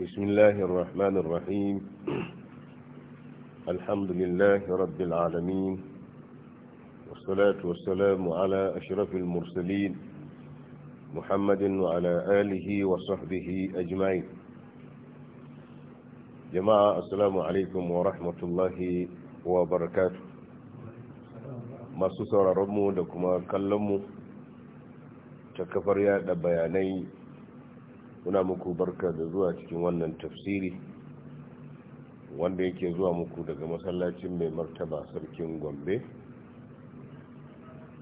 بسم الله الرحمن الرحيم الحمد لله رب العالمين والصلاة والسلام على أشرف المرسلين محمد وعلى آله وصحبه أجمعين جماعة السلام عليكم ورحمة الله وبركاته ما سسر رمو لكم كلمو تكفر يا بياني muna muku barka da zuwa cikin wannan tafsiri wanda yake zuwa muku daga masallacin mai martaba sarkin gombe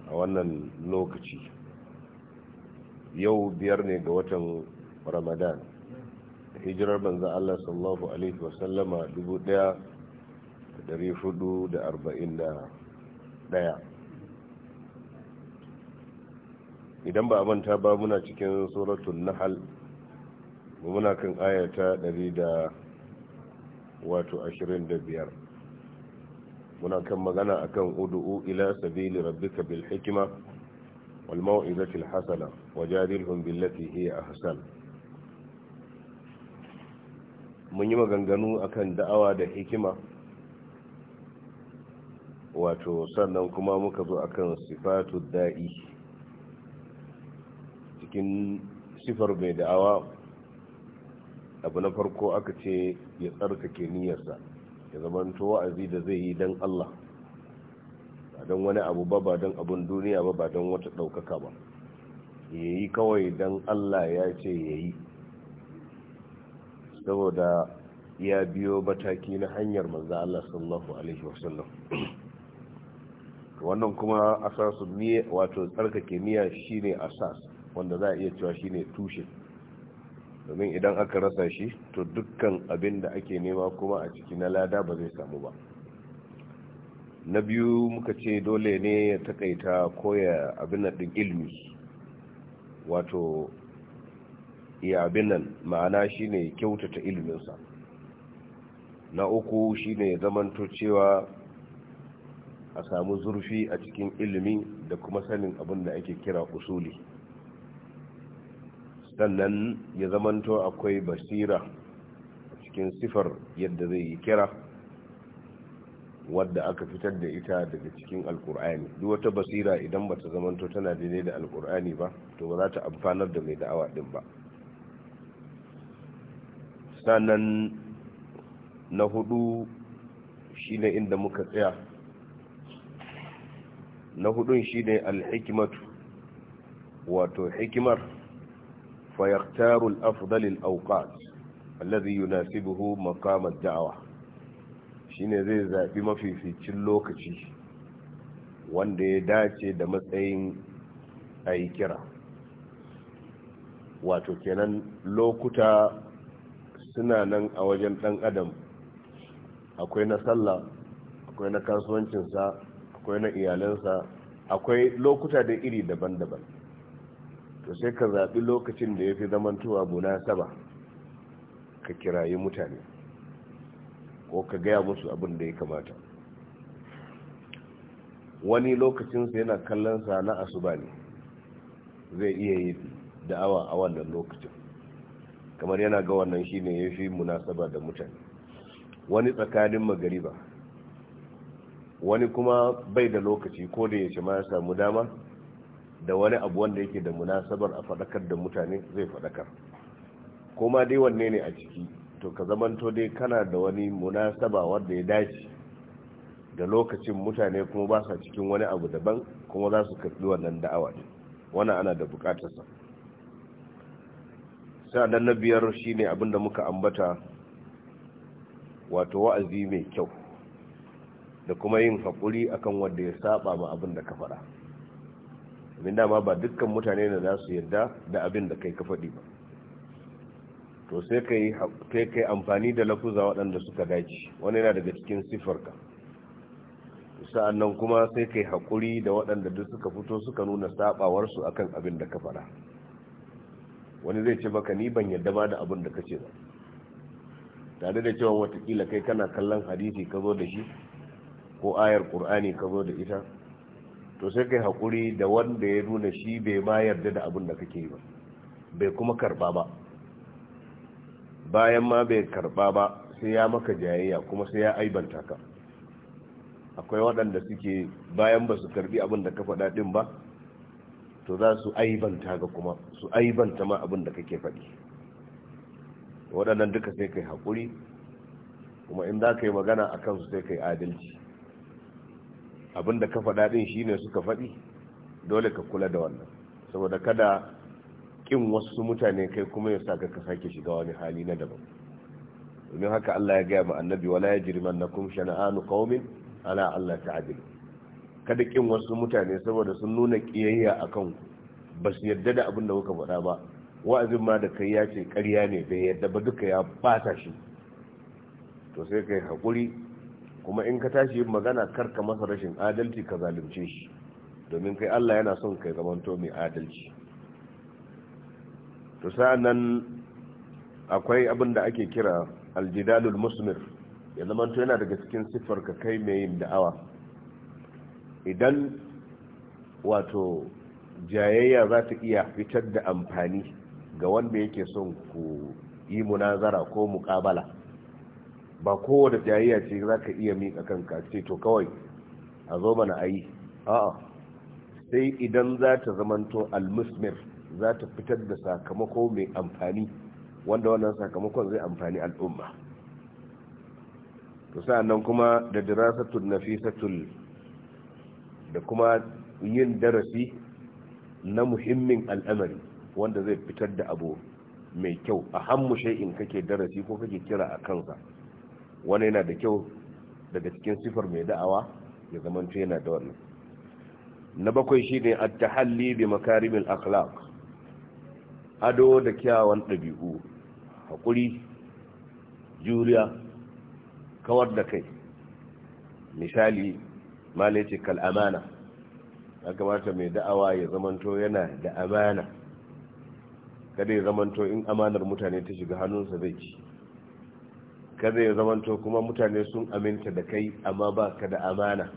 a wannan lokaci yau biyar ne ga watan ramadan hijirar banza allah sallallahu alaihi wasallama 1441 idan ba a manta ba muna cikin suratun nahal muna kan ayata 125 muna kan magana akan ud'u ila sabili rabbika bil hikma wal mau'izati al hasana wajadilhum billati hiya ahsan mun yi maganganu akan da'awa da hikima wato sannan kuma muka zo akan sifatu da'i cikin sifar mai da'awa abu na farko aka ce ya tsarkake niyarsa ya zamanto wa'azi da zai yi don Allah ba don wani abu ba ba don abun duniya ba ba don wata ɗaukaka ba ya yi kawai don Allah ya ce ya yi saboda ya biyo mataki na hanyar manza Allah sallallahu Alaihi wasallam wannan kuma asasun wato tsarkake shi shine asas wanda za a iya cewa shi ne tushe domin idan aka rasa shi to dukkan abin da ake nema kuma a ciki na lada ba zai samu ba na biyu muka ce dole ne ya takaita koya abin nan din ilmi wato ya abin nan ma'ana shine kyautata iliminsa, na uku shine ya zamanto cewa a samu zurfi a cikin ilimi da kuma sanin abin da ake kira usuli sannan ya zamanto akwai basira cikin sifar yadda zai yi kira wadda aka fitar da ita daga cikin alkur'ani duk wata basira idan ba ta zamanto tana daidai da alkur'ani ba to ba za ta amfanar da mai da'awa din ba sannan na hudu ne inda muka tsaya na hudun ne alhikimatu wato hikimar فيختار الأفضل الأوقات الذي يناسبه مقام الدعوة shine zai zaɓi mafificin lokaci wanda ya dace da matsayin a yi kira wato kenan lokuta suna nan a wajen ɗan adam akwai na sallah akwai na kasuwancinsa akwai na iyalansa akwai lokuta da iri daban-daban to sai ka zaɓi lokacin da ya fi zamantowa munasaba ka kirayi mutane ko ka gaya musu abin da ya kamata wani lokacinsa yana kallon sa na asuba ne zai iya yi da'awa a wannan lokacin kamar yana ga wannan shi ne ya fi munasaba da mutane wani tsakanin magariba wani kuma bai da lokaci ko da ya ce ma ya samu dama da wani abu wanda yake da munasabar a faɗakar da mutane zai faɗakar kuma dai wanne ne a ciki to ka zamanto dai kana da wani munasaba wanda ya dace da lokacin mutane kuma ba sa cikin wani abu daban kuma za su karɓi wannan da'awa ne wani ana da bukatarsa sa'adar na biyar shine abin da muka ambata wato wa'azi mai kyau da kuma yin haƙuri akan wanda ya saba ma abin da ka faɗa domin dama ba dukkan mutane da za su yarda da abin da kai ka faɗi ba to sai ka yi amfani da lafuza waɗanda suka dace wani yana daga cikin siffarka sa'an nan kuma sai kai hakuri haƙuri da waɗanda duk suka fito suka nuna saɓawarsu akan abin da ka faɗa wani zai ce baka ni ban yarda ba da abin da ka ce ba tare da cewa watakila kai kana kallon hadisi ka zo da shi ko ayar ƙur'ani ka zo da ita to sai kai haƙuri da wanda ya nuna shi bai ma yarda da abin da kake yi ba bai kuma karba ba bayan ma bai karba ba sai ya maka jayayya kuma sai ya aibanta ka akwai waɗanda suke bayan ba su karbi abin da ka faɗa ɗin ba to za su aibanta ga kuma su aibanta ma abin da kake faɗi waɗannan duka sai kai haƙuri kuma in za ka yi magana a kansu sai kai adalci abinda ka faɗa ɗin shine suka faɗi dole ka kula da wannan saboda kada ƙin wasu mutane kai kuma ya sa ka sake shiga wani hali na daban domin haka Allah ya gaya ma annabi wala ya yajrimannakum shana'anu qaumin Ana Allah ta'dil kada ƙin wasu mutane saboda sun nuna kiyayya akan ku ba su yarda da abin da kuka faɗa ba wa'azin ma da kai ya ce ƙarya ne bai yarda ba duka ya bata shi to sai kai haƙuri. kuma in ka tashi yin magana kar ka masa rashin adalci ka zalunce shi domin kai Allah yana son kai zamanto mai adalci to nan akwai abin da ake kira aljidalul musmir ya zamanto yana daga cikin siffar ka kai mai yin da'awa idan wato jayayya za ta iya fitar da amfani ga wanda yake son ku yi munazara ko muƙabala ba kowane jayayya ce za ka iya miƙa kanka ce to kawai a zo mana a yi a'a sai idan za ta zamanto almusmir za ta fitar da sakamako mai amfani wanda wannan sakamakon zai amfani al'umma to nan kuma da dirasatul nafisatul da kuma yin darasi na muhimmin al'amari wanda zai fitar da abu mai kyau a hannu shay'in kake darasi ko kake kira a kansa wani yana da kyau daga cikin sifar mai da'awa ya zamanto yana da wannan na bakwai shi a ta halli bi makarimin akhlaq ado da kyawan ɗabi'u haƙuri juriya kawar da kai misali malace kal amana ya kamata mai da'awa ya zamanto yana da amana kada ya zamanto in amanar mutane ta shiga hannunsa zai ci kada ya zamanto kuma mutane sun aminta da kai amma ba ka da amana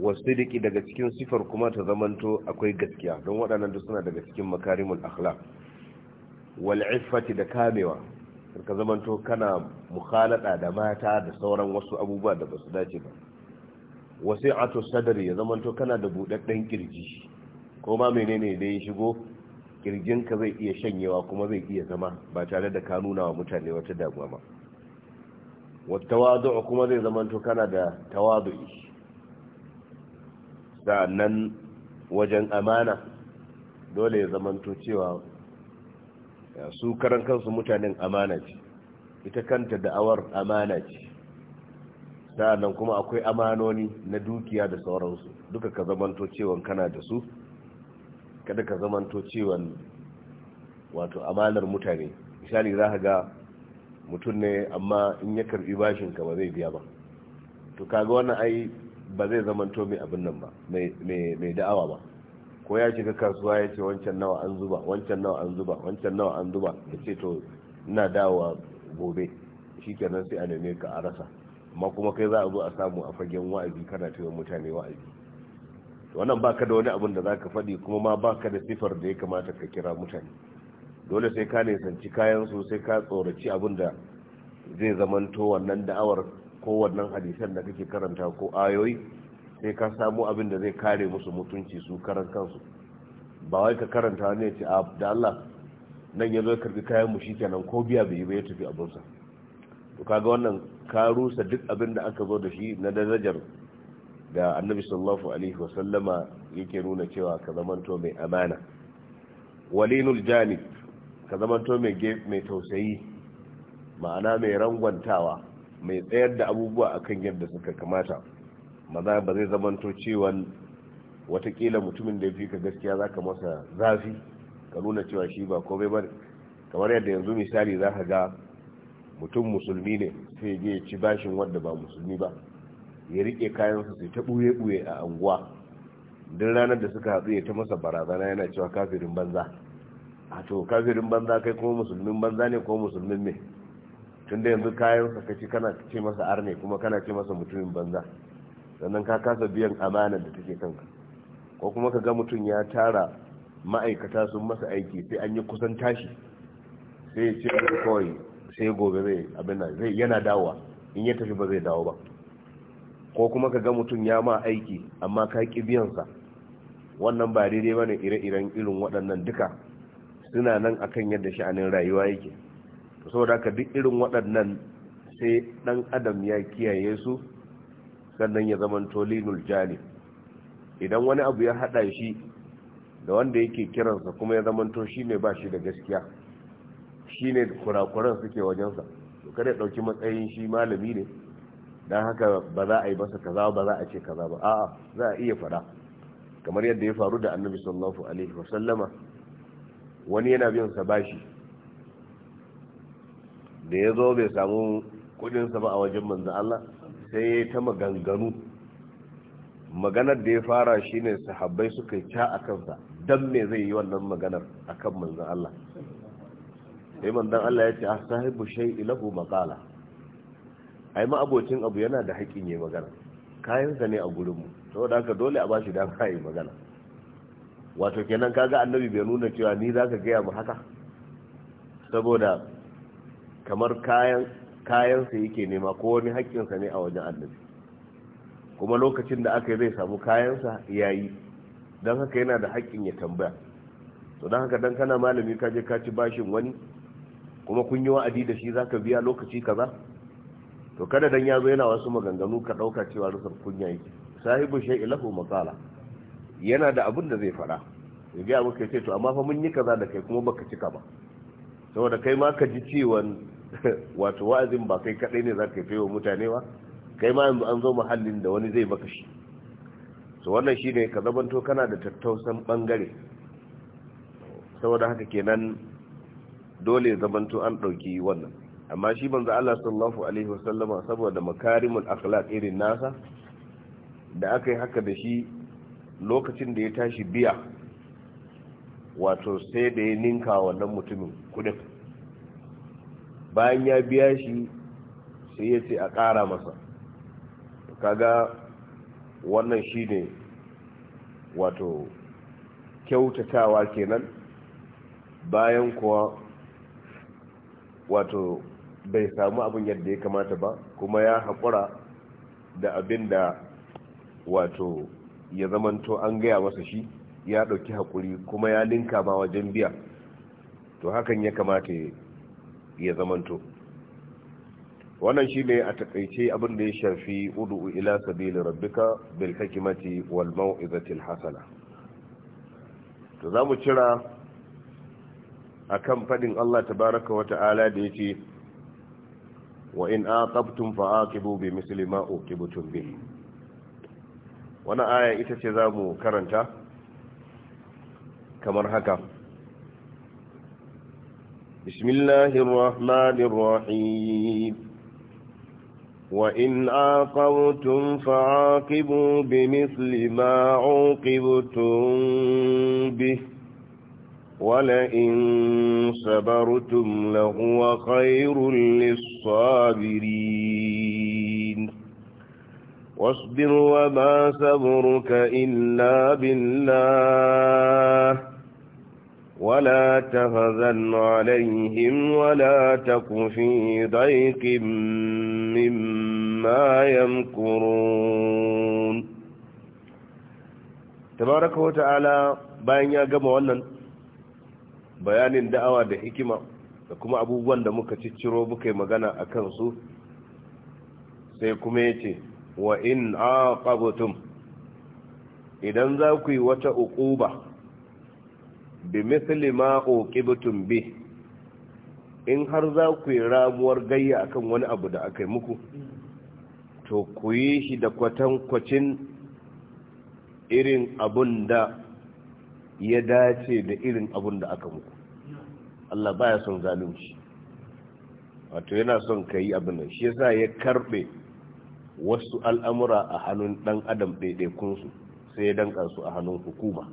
wasu diki daga cikin sifar kuma ta zamanto akwai gaskiya don waɗannan da suna daga cikin makarimul akhla. wal da kamewa ka zamanto kana mukhalada da mata da sauran wasu abubuwa da basu dace ba wasi'atu sadri ya zamanto kana da budadden kirji ko ma menene da ya shigo kirjinka zai iya shanyewa kuma zai iya zama ba tare da ka nuna wa mutane wata damuwa ba wata kuma zai zama to kana da tawadu'i Sannan wajen amana dole ya zama to cewa su karan kansu mutanen amana ce ita kanta da'awar amana ce Sannan kuma akwai amanoni na dukiya da sauransu duka ka zama to cewa kana da su kada ka zamanto cewan wato amanar mutane misali za ka ga mutum ne amma in ya karbi bashin ka ba zai biya ba to kaga wannan ai ba zai zamanto mai abin nan ba mai da'awa ba ko ya shiga kasuwa ya ce wancan nawa an zuba wancan nawa an zuba wancan nawa an zuba ya ce to ina dawowa gobe kenan sai a neme ka a rasa amma kuma kai za a zo a samu a fagen wa'azi kana taimakon mutane wa'azi wannan baka da wani abin da za ka faɗi kuma ma baka da sifar da ya kamata ka kira mutane dole sai ka nisanci kayan su sai ka tsoraci abin da zai zamanto wannan da'awar ko wannan hadisan da kake karanta ko ayoyi sai ka samu abin da zai kare musu mutunci su karan kansu ba wai ka karanta ne ce a ah, da Allah nan ya zo ya karbi kayan mu shikenan ko biya bai ba ya tafi sa to kaga wannan ka rusa duk abin da aka zo da shi na darajar da annabi sallallahu alaihi wasallama yake nuna cewa ka zamanto mai amana walinul janib ka zamanto mai tausayi ma'ana mai rangwantawa mai tsayar da abubuwa akan yadda suka kamata maza ba zai zamanto cewa watakila mutumin da ya fi ka gaskiya za ka masa zafi ka nuna cewa shi ba komai ba kamar yadda yanzu misali za ka ga mutum musulmi ne sai ya ci bashin wanda ba musulmi ba ya rike kayansa su ta buye buye a anguwa duk ranar da suka hatsu ya ta masa barazana yana cewa kafirin banza a to kafirin banza kai kuma musulmin banza ne ko musulmin me tun da yanzu kayansa kaci kana ce masa arne kuma kana ce masa mutumin banza sannan ka kasa biyan amanar da take kanka ko kuma ka ga mutum ya tara ma'aikata sun masa aiki sai an yi kusan tashi sai ya ce kawai sai gobe zai abin zai yana dawowa in ya tafi ba zai dawo ba ko kuma ka ga mutum ya ma aiki amma ka ƙi biyansa wannan ba daidai bane ire-iren irin waɗannan duka suna nan akan yadda sha'anin rayuwa yake saboda haka duk irin waɗannan sai ɗan adam ya kiyaye su sannan ya zama tolinul jani idan wani abu ya haɗa shi da wanda yake kiransa kuma ya zama to shi ne ba shi da gaskiya shi ne kurakuran suke wajensa to kada ɗauki matsayin shi malami ne don haka ba za a yi masa kaza ba za a ce kaza ba a'a za a iya fada kamar yadda ya faru da annabi sallallahu alaihi wasallama wani yana biyan sa bashi da ya zo bai samu kudin sa ba a wajen manzo Allah sai ya ta maganganu maganar da ya fara shine sahabbai suka yi ta a kansa dan me zai yi wannan maganar akan manzo Allah sai manzon Allah ya ce ah, sahibu shay'i lahu maqala ai ma abocin abu yana da haƙƙin yayi magana kayansa ne a gurinmu da haka dole a ba shi dama yi magana wato kenan kaga annabi bai nuna cewa ni zaka gaya mu haka saboda kamar kayan kayansa yake nema ko wani haƙƙinsa ne a wajen annabi kuma lokacin da aka yi zai samu kayansa ya yi don haka yana da haƙƙin ya tambaya to don haka don kana malami ka je ka ci bashin wani kuma kun yi wa'adi da shi za ka biya lokaci kaza to kada dan yazo yana wasu maganganu ka dauka cewa rusar kunya yake sahibu shay'i lahu maqala yana da abin da zai fara ya ga muke ce to amma fa mun yi kaza da kai kuma baka cika ba saboda kai ma ka ji ciwon wato wa'azin ba kai kadai ne zaka yi wa mutane ba kai ma yanzu an zo muhallin da wani zai baka shi to wannan shine ka zabanto kana da tattausan bangare saboda haka kenan dole zabanto an dauki wannan amma shi banza Allah sallallahu alaihi wasallama saboda makarimul akhlaq irin nasa da aka yi haka da shi lokacin da ya tashi biya wato sai da ya ninka wannan mutumin kudin bayan ya biya shi sai ya ce a ƙara masa kaga wannan shi ne wato kyautatawa kenan bayan kuwa wato bai samu abin yadda ya kamata ba kuma ya haƙura da abin da wato ya zamanto an gaya masa shi ya ɗauki haƙuri kuma ya linka ma wajen biya to hakan ya kamata ya zamanto wannan shi ne a taƙaice abin da ya shafi udu ila sabili rabbika bil hikmati wal mau'izatil hasana to za mu cira akan faɗin Allah tabaraka wa ta'ala da ya wa in aqabtum fa aqibu bi misli ma uqibtum bi wannan aya ita ce za mu karanta kamar haka bismillahir a rahim وإن عاقبتم فعاقبوا بمثل ما عوقبتم به ولئن صبرتم لهو خير للصابرين واصبر وما صبرك إلا بالله ولا تهذن عليهم ولا تك في ضيق مما يمكرون تبارك وتعالى باين يا جماعه bayanin da'awa da hikima da kuma abubuwan da muka cicciro muka yi magana a kansu sai kuma ya ce wa in a idan za ku yi wata uquba bi misali ma uqibtum bi in har za ku yi ramuwar gayya akan wani abu da aka yi muku to ku yi shi da kwatankwacin irin abun da ya dace da irin abun da aka muku Allah baya son zalunci wato yana son ka yi abin shi yasa ya karbe wasu al'amura a hannun dan adam ɗaiɗaikunsu sai ya danka su a hannun hukuma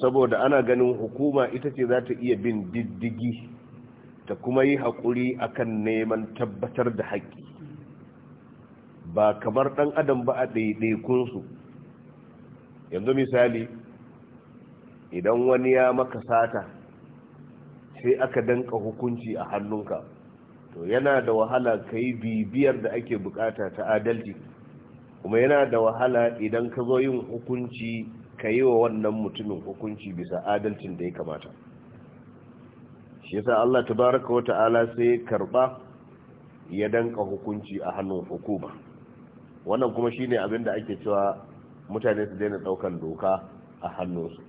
saboda ana ganin hukuma ita ce za ta iya bin diddigi ta kuma yi haƙuri akan neman tabbatar da haƙƙi ba kamar ɗan adam ba a ɗaiɗaikunsu yanzu misali idan wani ya maka sata sai aka danka hukunci a hannunka to yana da wahala ka yi bibiyar da ake bukata ta adalci kuma yana da wahala idan ka zo yin hukunci ka yi wa wannan mutumin hukunci bisa adalcin da ya kamata shi yasa Allah tabaraka wa ta'ala sai karɓa karba ya danka hukunci a hannun hukuma wannan kuma shine abin da ake cewa mutane su daina daukan doka a hannunsu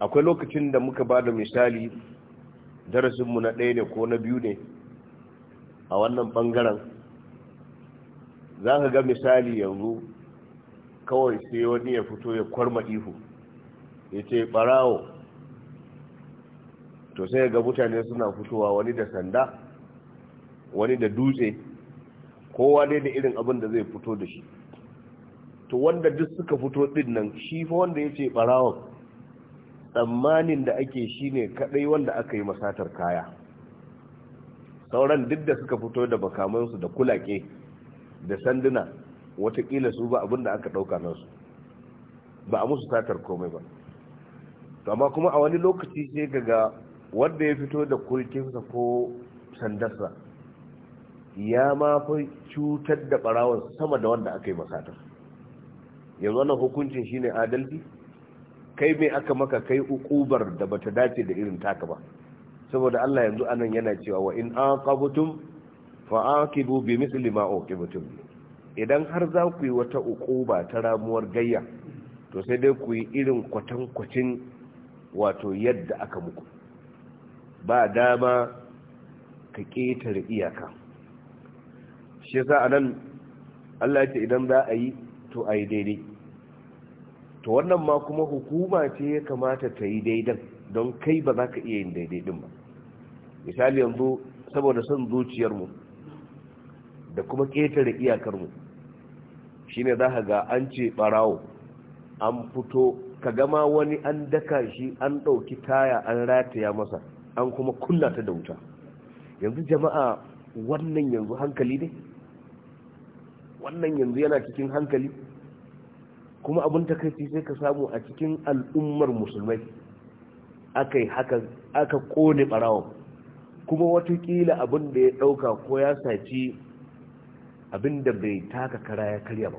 akwai lokacin da muka ba da misali darasinmu na ɗaya ne ko na biyu ne a wannan ɓangaren za ka ga misali yanzu kawai sai wani ya fito ya kwarma ihu ya ce ɓarawo to sai ga mutane suna fitowa wani da sanda wani da dutse kowa dai da irin abin da zai fito da shi to wanda duk suka fito din nan shi fa wanda yace barawon tsammanin da ake shine kadai wanda aka yi masatar kaya sauran duk da suka fito da su da kulake da sanduna watakila su ba abin da aka dauka nasu ba a musu satar komai ba amma kuma a wani lokaci sai gaga wanda ya fito da kulkinsa ko sandarsa ya ma cutar da barawon sama da wanda aka yi masatar yanzu wannan hukuncin shine adalci kai mai aka maka kai ukubar da bata dace da irin taka ba saboda Allah yanzu anan yana cewa wa in aqabtum fa aqibu bi misli ma uqibtum idan har za ku yi wata ukuba ta ramuwar gayya to sai dai ku yi irin kwatan kwacin wato yadda aka muku ba dama ka ƙetare iyaka shi yasa anan Allah ya ce idan za a yi to a yi daidai to wannan ma kuma hukuma ce ya kamata ta yi daidan don kai ba za ka iya yin daidai din ba misali yanzu saboda son zuciyarmu da kuma ƙetare iyakarmu shi ne za ka ga an ce ɓarawo an fito ka gama wani an daka shi an ɗauki taya an rataya masa an kuma kulla ta da wuta yanzu jama'a wannan yanzu hankali ne wannan yanzu yana cikin hankali kuma abin takaici sai ka samu a cikin al'ummar musulmai aka yi haka aka kone barawon kuma watakila abin da ya dauka ko ya saci abin da bai taka kara ya karya ba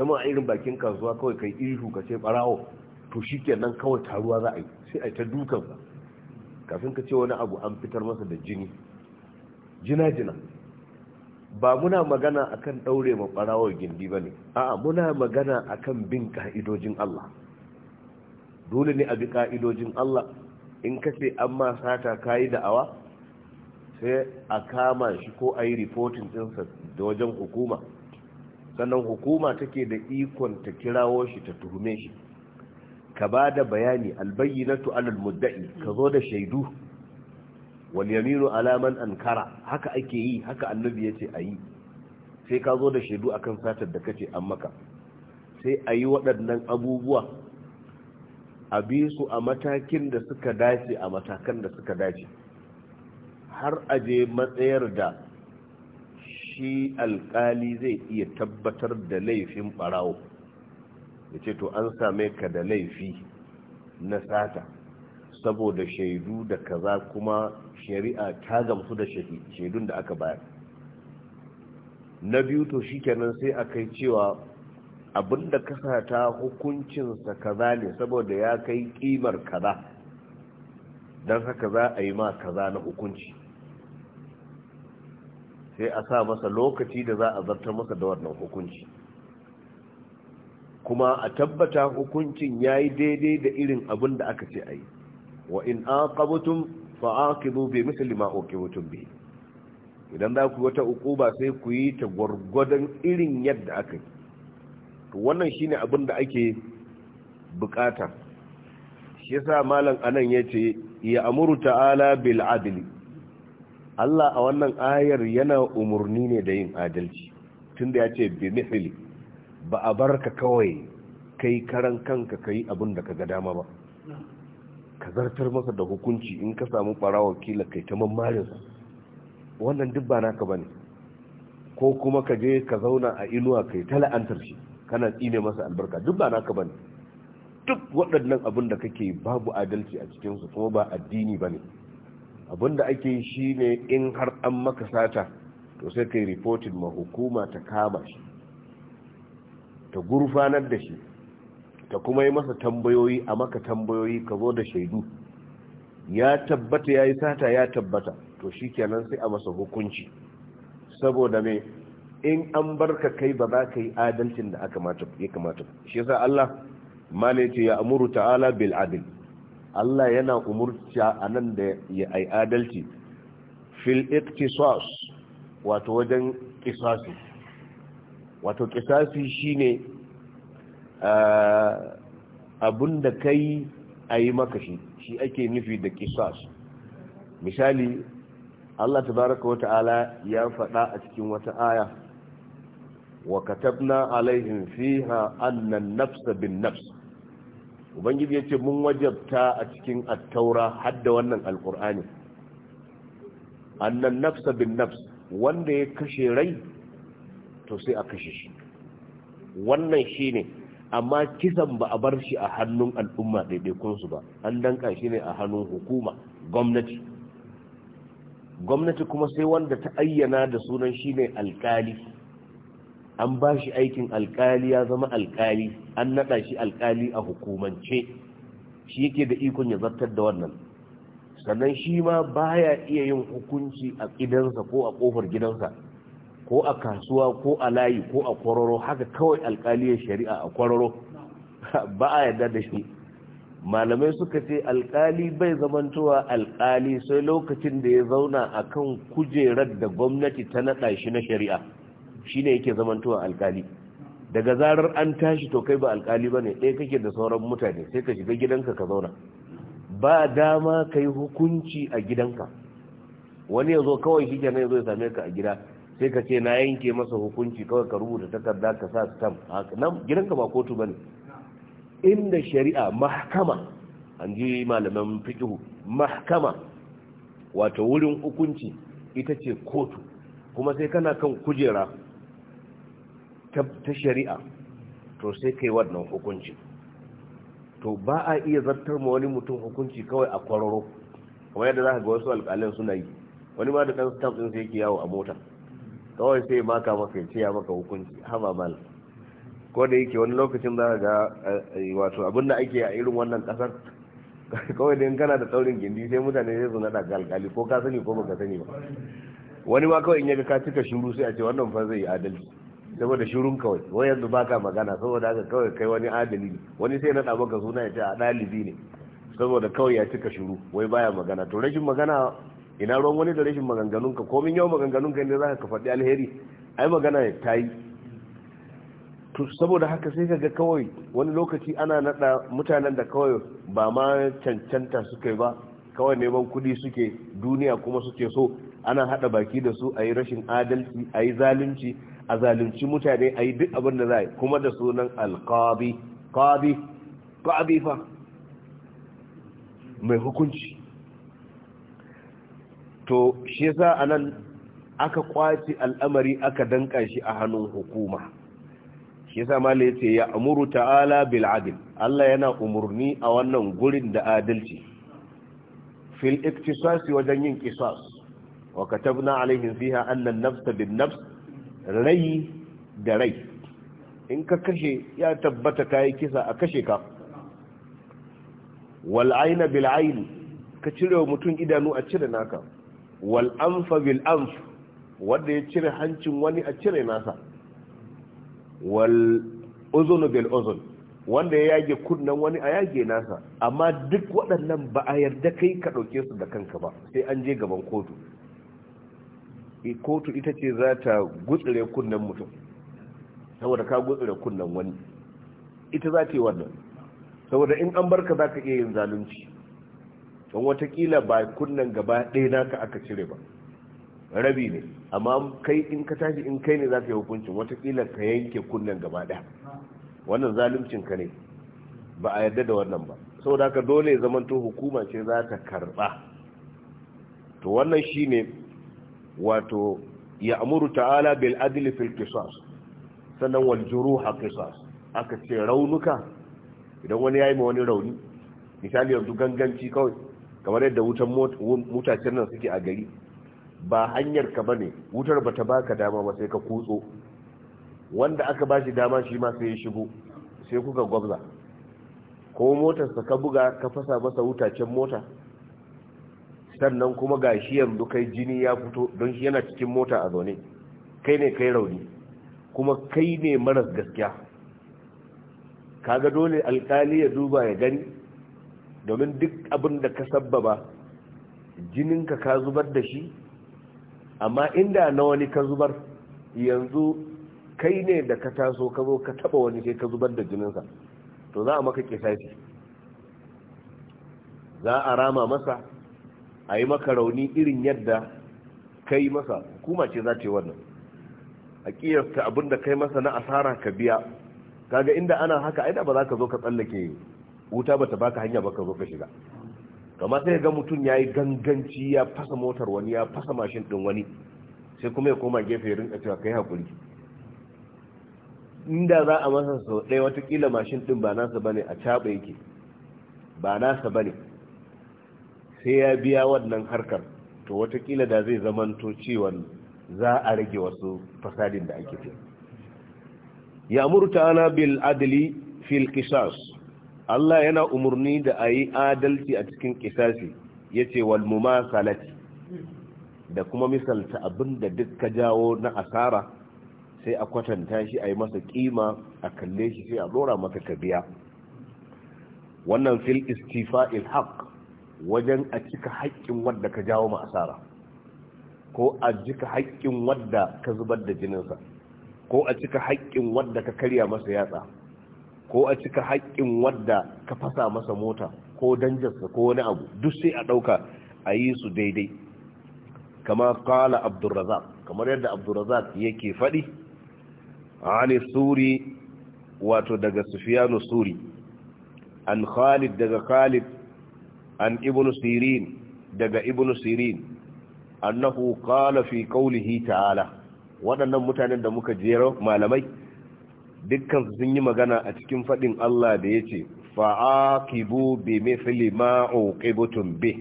sama a irin bakin kasuwa kawai kai ihu ka ce barawo to shi kenan kawai taruwa za a yi sai a ta dukan kafin ka ce wani abu an fitar masa da jini jina-jina ba muna magana akan daure ma barawar gindi ba ne. a'a muna magana akan bin ka'idojin Allah dole ne a bi ka'idojin Allah in kace amma sata kai da'awa sai a kama shi ko a yi rifotin ɗinsa da wajen hukuma sannan hukuma take da ikon ta kirawo shi ta tuhume shi ka ba da bayani albayyinatu alal mudda'i ka zo da shaidu wal alaman ala man ankara haka ake yi haka annabi yace yi. sai ka zo da shaidu akan satar da kace an maka sai a yi waɗannan abubuwa a bi su a matakin da suka dace a matakan da suka dace har aje matsayar da shi alkali zai iya tabbatar da laifin barawo ya ce to an same ka da laifi na sata saboda shaidu da kaza kuma shari'a ta gamsu da shaidun da aka bayar na biyu to shi shikenan sai a kai cewa abinda ka sata hukuncinsa kaza ne saboda ya kai kimar kaza don haka za a yi ma kaza na hukunci sai a sa masa lokaci da za a zartar masa da wannan hukunci kuma a tabbata hukuncin ya yi daidai da irin abin da aka ce a yi wa in aqabtum fa'aqibu bi misli ma uqibtum bi idan za ku yi wata ukuba sai ku yi ta gwargwadon irin yadda aka yi to wannan shine abin da ake bukata shi yasa malam anan yace ya amuru ta'ala bil Allah a wannan ayar yana umurni ne da yin adalci tunda yace bi misli. ba a barka kawai kai karan kanka kai abin da ga dama ba ka zartar masa da hukunci in ka samu fara kila kai ta mammarinsa wannan duk ba naka bane ko kuma ka je ka zauna a inuwa kai ta la'antar shi kana tsine masa albarka duk ba naka bane duk waɗannan abin da kake babu adalci a cikinsu kuma ba addini ne abin da ake yi ne in har an maka sata to sai kai reporting ma hukuma ta kama shi ta gurfanar da shi ta kuma yi masa tambayoyi a maka tambayoyi ka zo da shaidu ya tabbata ya yi sata ya tabbata to shi kenan sai a masa hukunci saboda mai in an barka kai ba za ka yi adalcin da aka ya kamata shi yasa Allah ce ya amuru ta'ala bil adil Allah yana umurta nan da ya ai adalci fil iqtisas wato wajen kisasi wato kisasi shine Ah, abun da kai a yi maka shi shi ake nufi da kisas misali Allah tabaraka wa ta'ala ya faɗa a cikin wata aya wa katabna alaihim fiha annan nafsa bin nafs ubangiji yace mun wajabta a cikin at-taura hadda wannan alqur'ani annan nafsa bin nafs wanda ya kashe rai to sai a kashe shi wannan shine amma kisan ba a bar shi a hannun al'umma daidaikunsu ba an danka shi ne a hannun hukuma gwamnati gwamnati kuma sai wanda ta ayyana da sunan shi ne alkali an ba shi aikin alkali ya zama alkali an naɗa shi alkali a hukumance shi yake da ikon ya zartar da wannan sannan shi ma baya iya yin hukunci a gidansa ko a ƙofar gidansa ko a kasuwa ko a layi ko a kwararo haka kawai alkaliyar shari'a a kwararo ba a yadda da shi malamai suka ce alkali bai zamantowa alkali sai lokacin da ya zauna a kan kujerar da gwamnati ta naɗa shi na shari'a shine yake zamantowa alkali daga zarar an tashi to kai ba alkali ba ne ɗaya kake da sauran mutane sai ka shiga gidanka ka zauna ba dama ka yi hukunci a gidanka wani ya zo kawai shi ne ya zo ya same ka a gida sai ka ce na yanke masa hukunci kawai ka rubuta takarda ka sa stamp nan ka ba kotu bane inda shari'a mahkama an ji malaman fiqh mahkama wato wurin hukunci ita ce kotu kuma sai kana kan kujera ta shari'a to sai kai wannan hukunci to ba a iya zartar ma wani mutum hukunci kawai a kwararo kamar yadda za ka ga wasu alƙalin suna yi wani ma da ɗan stamp ɗin sai yake yawo a mota kawai sai maka maka ya ya maka hukunci haba mal ko da yake wani lokacin za ga eh, eh, wato abin da ake a irin wannan kasar kawai da kana da tsaurin gindi sai mutane zai zuna da alkali ko ka sani ko baka sani ba wani ma kawai in yaga ka cika shuru sai a ce wannan fa zai adalci saboda shurun kawai wai yanzu baka magana saboda haka kawai kai wani adali wani sai na maka suna ya ce a ɗalibi ne saboda kawai ya cika shuru wai baya magana to rashin magana ina ruwan wani da rashin maganganunka komin yau maganganunka ne za ka faɗi alheri ai magana ta yi to saboda haka sai ka ga kawai wani lokaci ana nada mutanen da kawai ba ma cancanta suke ba kawai neman kuɗi suke duniya kuma suke so ana haɗa baki da su a yi rashin adalci a yi zalunci a zalunci mutane a yi duk abin da za kuma da sunan alkabi kabi kabi fa mai hukunci to shi yasa anan aka kwaci al'amari aka danka shi a hannun hukuma shi yasa mala yace ya amuru ta'ala bil adl Allah yana umurni a wannan gurin da adalci fil iktisas wajen yin qisas wa katabna alaihim fiha anna an-nafs bin nafs rai da rai in ka kashe ya tabbata kai kisa a kashe ka wal ayna bil ayn ka cire mutum idanu a cire naka wal anfa bil anf wanda ya cire hancin wani a cire nasa wal uzunu bil uzun wanda ya yage kunnan wani a yage nasa amma duk waɗannan ba a yarda kai ka ɗauke su da kanka ba sai an je gaban kotu kotu ita ce za ta gutsire kunnan mutum saboda ka gutsire kunnan wani ita za ta yi wannan saboda in an barka za ka iya yin zalunci don watakila ba kunnan gaba ɗaya naka aka cire ba rabi ne amma kai in ka tashi in kai ne za ka yi hukuncin watakila ka yanke kunnan gaba ɗaya wannan zaluncin ka ne ba a yarda da wannan ba saboda haka dole zamanto hukuma ce za ta karba to wannan shi ne wato ya amuru ta'ala bil adli fil qisas sannan wal juruha qisas aka ce raunuka idan wani yayi ma wani rauni misali yanzu ganganci kawai kamar yadda wutan mutacen nan suke a gari ba hanyar ka bane wutar ba ta baka dama ba sai ka kutso wanda aka ba shi dama shi ma sai ya shigo sai kuka gwabza ko motarsa ka buga ka fasa masa wutacen mota sannan kuma ga shi yanzu kai jini ya fito don shi yana cikin mota a zaune kai ne kai rauni kuma kai ne maras gaskiya kaga dole alkali ya duba ya gani domin duk abin da ka sabbaba jininka ka zubar da shi amma inda na wani ka zubar yanzu kai ne da ka taso ka zo ka taba wani sai ka zubar da jininsa to za a maka kisashi za a rama masa a yi maka rauni irin yadda kai masa hukuma ce za ce wannan a kiyasta abin da kai masa na asara ka biya kaga inda ana haka aida ba za ka zo ka tsallake wuta bata baka hanya baka zo ka shiga kama sai ga mutum ya yi ganganci ya fasa motar wani ya fasa mashin ɗin wani sai kuma ya koma gefe ya rinka cewa kai hakuri inda za a masa sau ɗaya watakila mashin ɗin ba nasa bane a caɓa yake ba nasa bane sai ya biya wannan harkar to watakila da zai zamanto cewa za a rage wasu fasadin da ake fi ya murta bil adli fil qisas Allah yana umarni da a yi adalci a cikin kisasi ya ce walmuma salati da kuma misalta abin da duk ka jawo na asara sai a kwatanta shi a yi masa kima a kalle shi sai a dora maka kabiya. biya wannan fil istifa ilhaq wajen a cika haƙƙin wadda ka jawo ma asara ko a cika haƙƙin wadda ka zubar da jininsa ko a cika haƙƙin wadda ka karya masa yatsa ko a cika haƙƙin wadda ka fasa masa mota ko danjarsa ko wani abu duk sai a ɗauka a yi su daidai kama kala abdurrazak kamar yadda abdurrazak yake faɗi ani suri wato daga sufiyanu suri an khalid daga khalid an ibn sirin daga ibn sirin annahu qala fi qawlihi ta'ala waɗannan mutanen da muka jera malamai dukkan sun yi magana a cikin faɗin Allah da ya ce fa'aqibu bi mithli ma uqibtum bi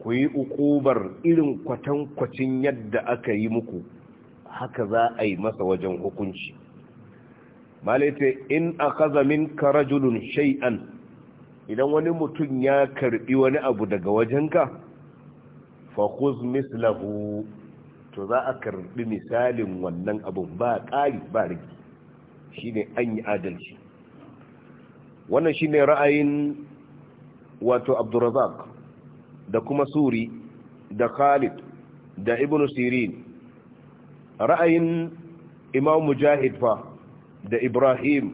ku yi ukubar irin kwatankwacin yadda aka yi muku haka za a yi masa wajen hukunci malaita in akhadha min rajulun shai'an, idan wani mutum ya karbi wani abu daga wajenka fa khudh mislahu to za a karbi misalin wannan abun ba ƙari ba rigi ne an yi adalci wannan shi ne ra'ayin wato abdurazak da kuma suri da khalid da ibn sirin ra'ayin imam mujahid fa da ibrahim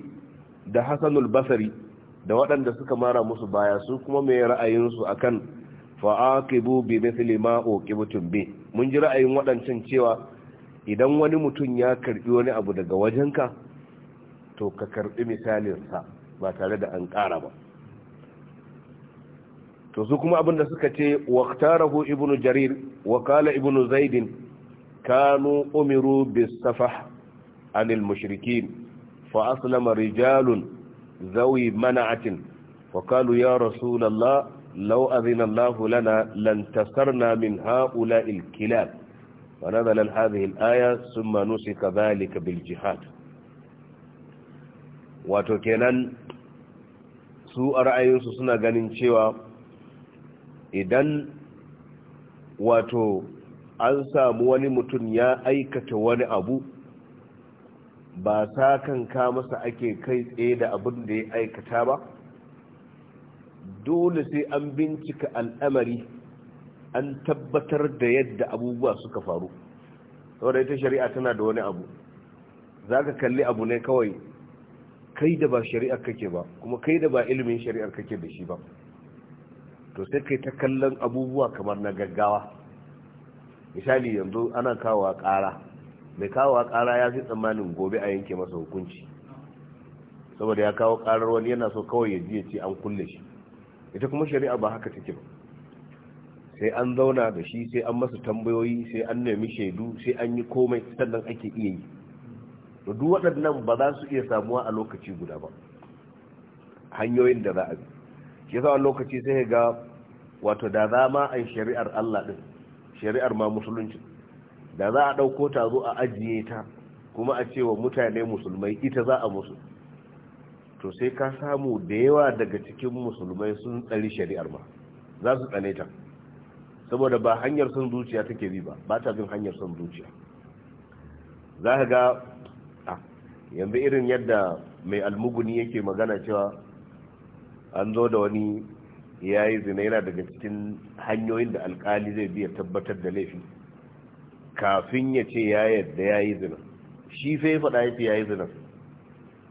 da hassanul basari da waɗanda suka mara musu baya su kuma mai ra'ayinsu akan fa'aqibu bi misali ma bi mun ji ra'ayin waɗancan cewa idan wani mutum ya karɓi wani abu daga wajenka to ka karbi misalinsa ba tare da an kara ba to su kuma abinda suka ce waqtarahu ibnu jarir wa qala ibnu zaid kanu umiru bis-safah anil mushrikin fa aslama rijalun zawi mana'atin fa qalu ya rasulullah law adina Allah lana lan tasarna min ha'ula'il kilab فنزلت هذه الآية ثم نسك ذلك بالجهاد wato kenan su a ra'ayinsu suna ganin cewa idan wato an samu wani mutum ya aikata wani abu ba sa kanka masa ake kai tsaye da abin da ya aikata ba dole sai an bincika al'amari an tabbatar da yadda abubuwa suka faru saboda ita shari'a tana da wani abu za ka kalli abu ne kawai kai da ba shari'ar kake ba kuma kai da ba ilimin shari'ar kake da shi ba to sai kai ta kallon abubuwa kamar na gaggawa misali yanzu ana kawowa ƙara mai kawowa ƙara ya fi tsammanin gobe a yanke masa hukunci saboda ya kawo ƙarar wani yana so kawai ya ji ce an kulle shi ita kuma shari'a ba haka take ba sai an zauna da shi sai an masa tambayoyi sai an nemi shaidu sai an yi komai sannan ake iya yi to duk waɗannan ba za su iya samuwa a lokaci guda ba hanyoyin da za a bi shi yasa lokaci sai ya ga wato da za ma an shari'ar Allah din shari'ar ma musulunci da za a ɗauko ta zo a ajiye ta kuma a ce wa mutane musulmai ita za a musu to sai ka samu da yawa daga cikin musulmai sun tsari shari'ar ma za su tsane ta saboda ba hanyar son zuciya take bi ba ba ta bin hanyar son zuciya za ka ga yanzu irin yadda mai almuguni yake magana cewa an zo da wani ya yi zina yana daga cikin hanyoyin da alkali zai biya tabbatar da laifi kafin ya ce ya yadda ya yi zina shi sai ya faɗa ya ce ya yi zina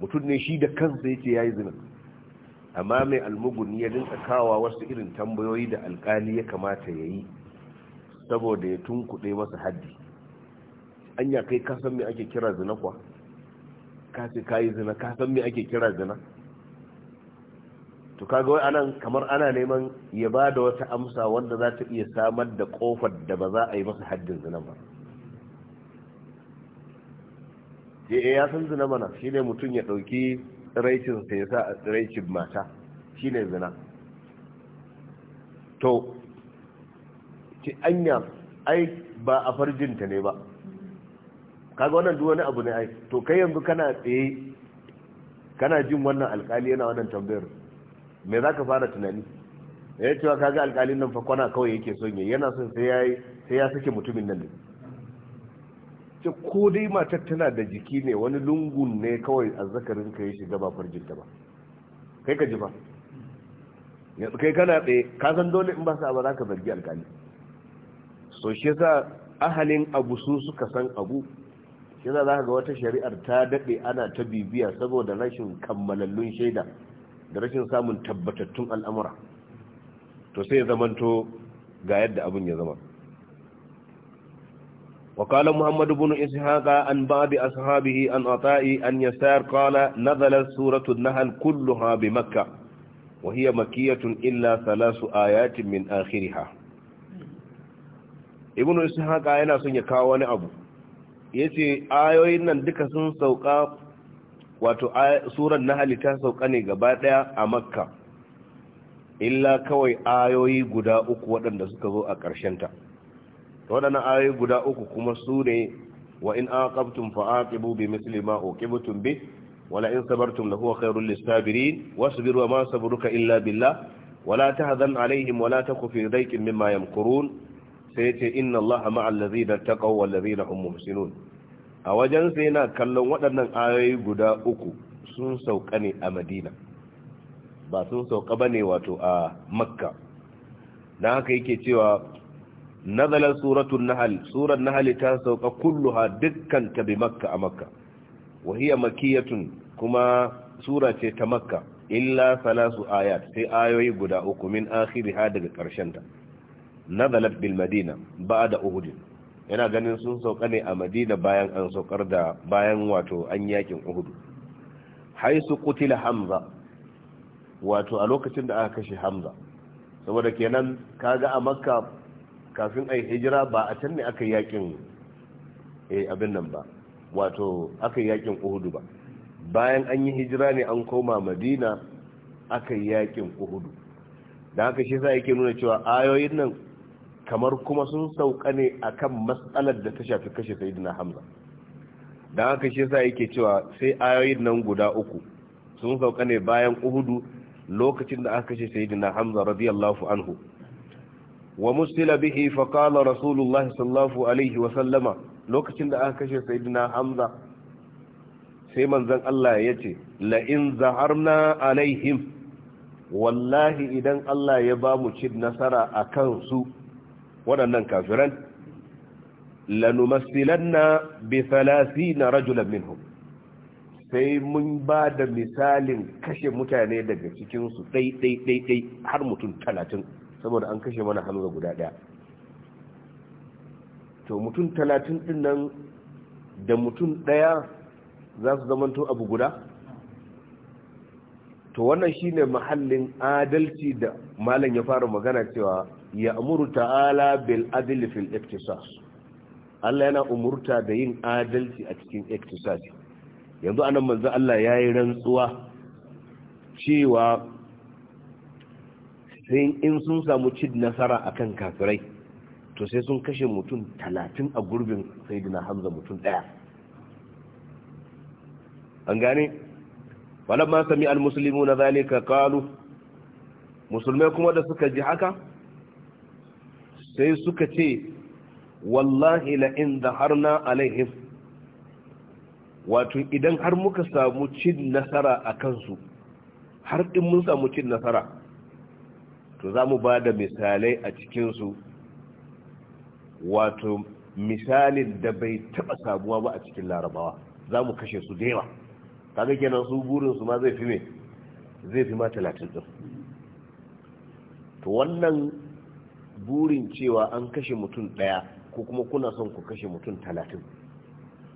mutum ne shi da kansa ya ce ya yi zina amma mai almuguni ya dinka kawa wasu irin tambayoyi da alkali ya kamata ya yi saboda ya tunkuɗe masa haddi ya kai kasan me ake kira zina kwa ka ce ka yi zina ka san me ake kira zina to kaga wai anan kamar ana neman ya ba da wata amsa wanda za ta iya samar da kofar da ba za a yi masa haddin zina ba ya eh, eh, ya san zina mana shine mutum ya ɗauki tsiraicin sai sa a tsiraicin mata shine zina to ki anya ai ba a farjinta ne ba kaga wannan duk wani abu ne ai to kai yanzu kana tsaye kana jin wannan alkali yana wannan tambayar me zaka fara tunani ya eh, cewa kaga alkalin nan fa kwana kawai yake son yayi yana son sai yayi sai ya sake mutumin nan ne ce ko dai matar tana da jiki ne wani lungun ne kawai azzakarin ka ya shiga ba ta ba kai ka ji ba yanzu kai kana tsaye ka san dole in ba sa ba za zargi alkali so shi yasa ahalin abu su suka san abu shi za ga wata shari'ar ta daɗe ana ta bibiya saboda rashin kammalallun shaida da rashin samun tabbatattun al'amura to sai ya zamanto ga yadda abin ya zama وقال محمد بن إسحاق عن بعض أصحابه عن عطاء أن يسار قال نزلت سورة النحل كلها بمكة وهي مكية إلا ثلاث آيات من آخرها ابن إسحاق أنا سنكاوان أبو ya ce ayoyin nan duka sun sauka wato suran na halitta sauka ne gaba daya a makka illa kawai ayoyi guda uku waɗanda suka zo a ƙarshenta waɗannan ayoyi guda uku kuma su ne wa in aqabtum fa aqibu bi misli ma uqibtum bi wala in sabartum lahu khairul lisabirin wasu wa ma sabruka illa billah wala tahzan alaihim wala taku fi dhayqin mimma yamkurun sai ce inna Allah ma'al ladzina taqaw wal ladzina hum a wajen sai yana kallon waɗannan ayoyi guda uku sun sauka ne a Madina ba sun sauka bane wato a Makka na haka yake cewa nazalar suratul nahl surar ta sauka ha dukkan ta bi Makka a Makka wa makiyatun kuma sura ce ta Makka illa salasu ayat sai ayoyi guda uku min akhiriha daga karshen ta nazalat bil madina ba'da uhud yana ganin sun sauka ne a madina bayan an saukar da bayan wato an yakin uhud haisu qutila hamza wato a lokacin da aka kashe hamza saboda kenan kaga a makka kafin ai hijira ba a can ne aka yakin eh abin nan ba wato aka yakin uhudu ba bayan an yi hijira ne an koma madina aka yakin uhudu da haka shi sa yake nuna cewa ayoyin nan kamar kuma sun sauka ne a kan matsalar da ta shafi kashe sayyidina hamza don haka shi yasa yake cewa sai ayoyin nan guda uku sun sauka ne bayan uhudu lokacin da aka kashe sayyidina hamza radiyallahu anhu wa musila bihi fa qala rasulullahi sallallahu alaihi wa sallama lokacin da aka kashe sayyidina hamza sai manzon Allah ya ce la in zaharna alaihim wallahi idan Allah ya ba mu cin nasara akan su waɗannan kafiran na bi na rajulan minhum sai mun ba da misalin kashe mutane daga cikinsu su dai har mutum 30 saboda an kashe mana hannu guda daya to mutum 30 din nan da mutum ɗaya za su zamanto abu guda to wannan shine mahallin adalci da malam ya fara magana cewa ya'muru ta'ala bil adli fil iktisas Allah yana umurta da yin adalci a cikin iktisasi yanzu anan manzo Allah yayi rantsuwa cewa sai in sun samu cid nasara akan kafirai to sai sun kashe mutum talatin a gurbin saidina hamza mutum daya an gane walamma sami al-muslimuna zalika qalu musulmai kuma da suka ji haka sai suka ce wallahi la in zaharna alaihim wato idan har muka samu cin nasara a kansu har in mun samu cin nasara to za mu ba da misalai a cikinsu wato misalin da bai taba samuwa ba a cikin larabawa za mu kashe su da yawa kaga kenan su burinsu ma zai fi me zai fi ma talatin to wannan burin cewa an kashe mutum ɗaya ko kuma kuna son ku kashe mutum talatin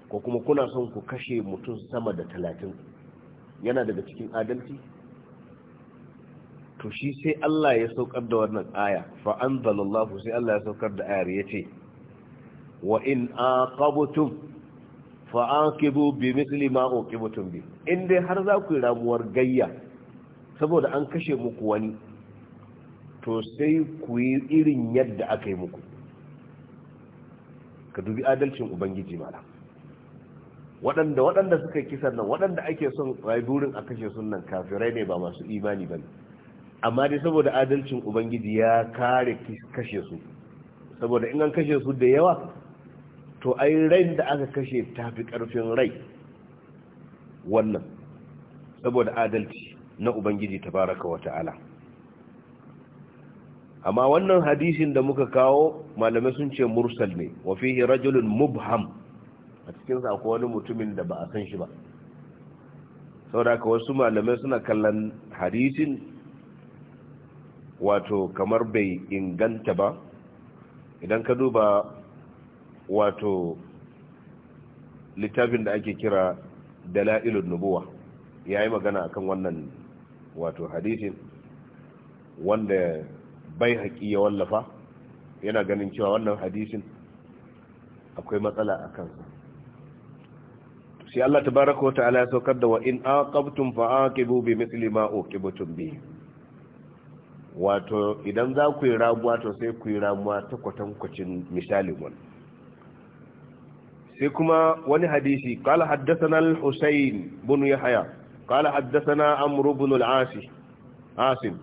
ko kuma kuna son ku kashe mutum sama da talatin yana daga cikin adalci to shi sai Allah ya saukar da wannan aya fa anzalallahu sai Allah ya saukar da ayar yace wa in aqabtum fa aqibu bi ma uqibtum bi in dai har za ku ramuwar gayya saboda an kashe muku wani to sai ku yi irin yadda aka yi muku ka dubi adalcin ubangiji mala waɗanda waɗanda suka yi kisan nan waɗanda ake son durin a kashe sunan kafirai ne ba masu imani ba ne amma dai saboda adalcin ubangiji ya kare kashe su saboda in an kashe su da yawa to ai rai da aka kashe ta fi ƙarfin rai wannan saboda adalci na ubangiji tabaraka wata ta'ala amma wannan hadisin da muka kawo malamai sun ce mursal ne wa fihi rajulun mubham a cikin sa wani mutumin da ba a san shi ba saboda ka wasu malamai suna kallon hadisin wato kamar bai inganta ba idan ka duba wato littafin da ake kira dala'ilun nubuwa ya yi magana akan wannan wato hadisin wanda bai haƙi ya wallafa yana ganin cewa wannan hadisin akwai matsala a kansa sai Allah tabaraka wa ta'ala ya saukar da wa in aqabtum fa aqibu bi mithli ma uqibtum bi wato idan za ku yi ramuwa to sai ku yi ramuwa ta kwatankwacin misalin wani. sai kuma wani hadisi qala haddathana al-husayn bin yahya qala haddathana amr ibn al-asim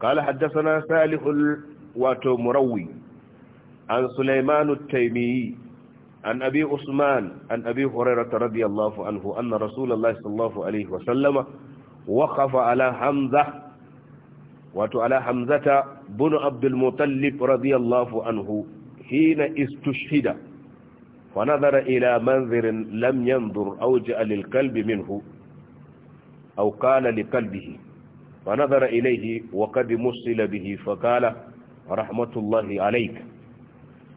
قال حدثنا سالح وتمروي عن سليمان التيمي عن أبي عثمان عن أبي هريرة رضي الله عنه أن رسول الله صلى الله عليه وسلم وقف على حمزة وتو على حمزة بن عبد المطلب رضي الله عنه حين استشهد فنظر إلى منظر لم ينظر أوجأ للقلب منه أو قال لقلبه فنظر إليه وقد مصل به فقال رحمة الله عليك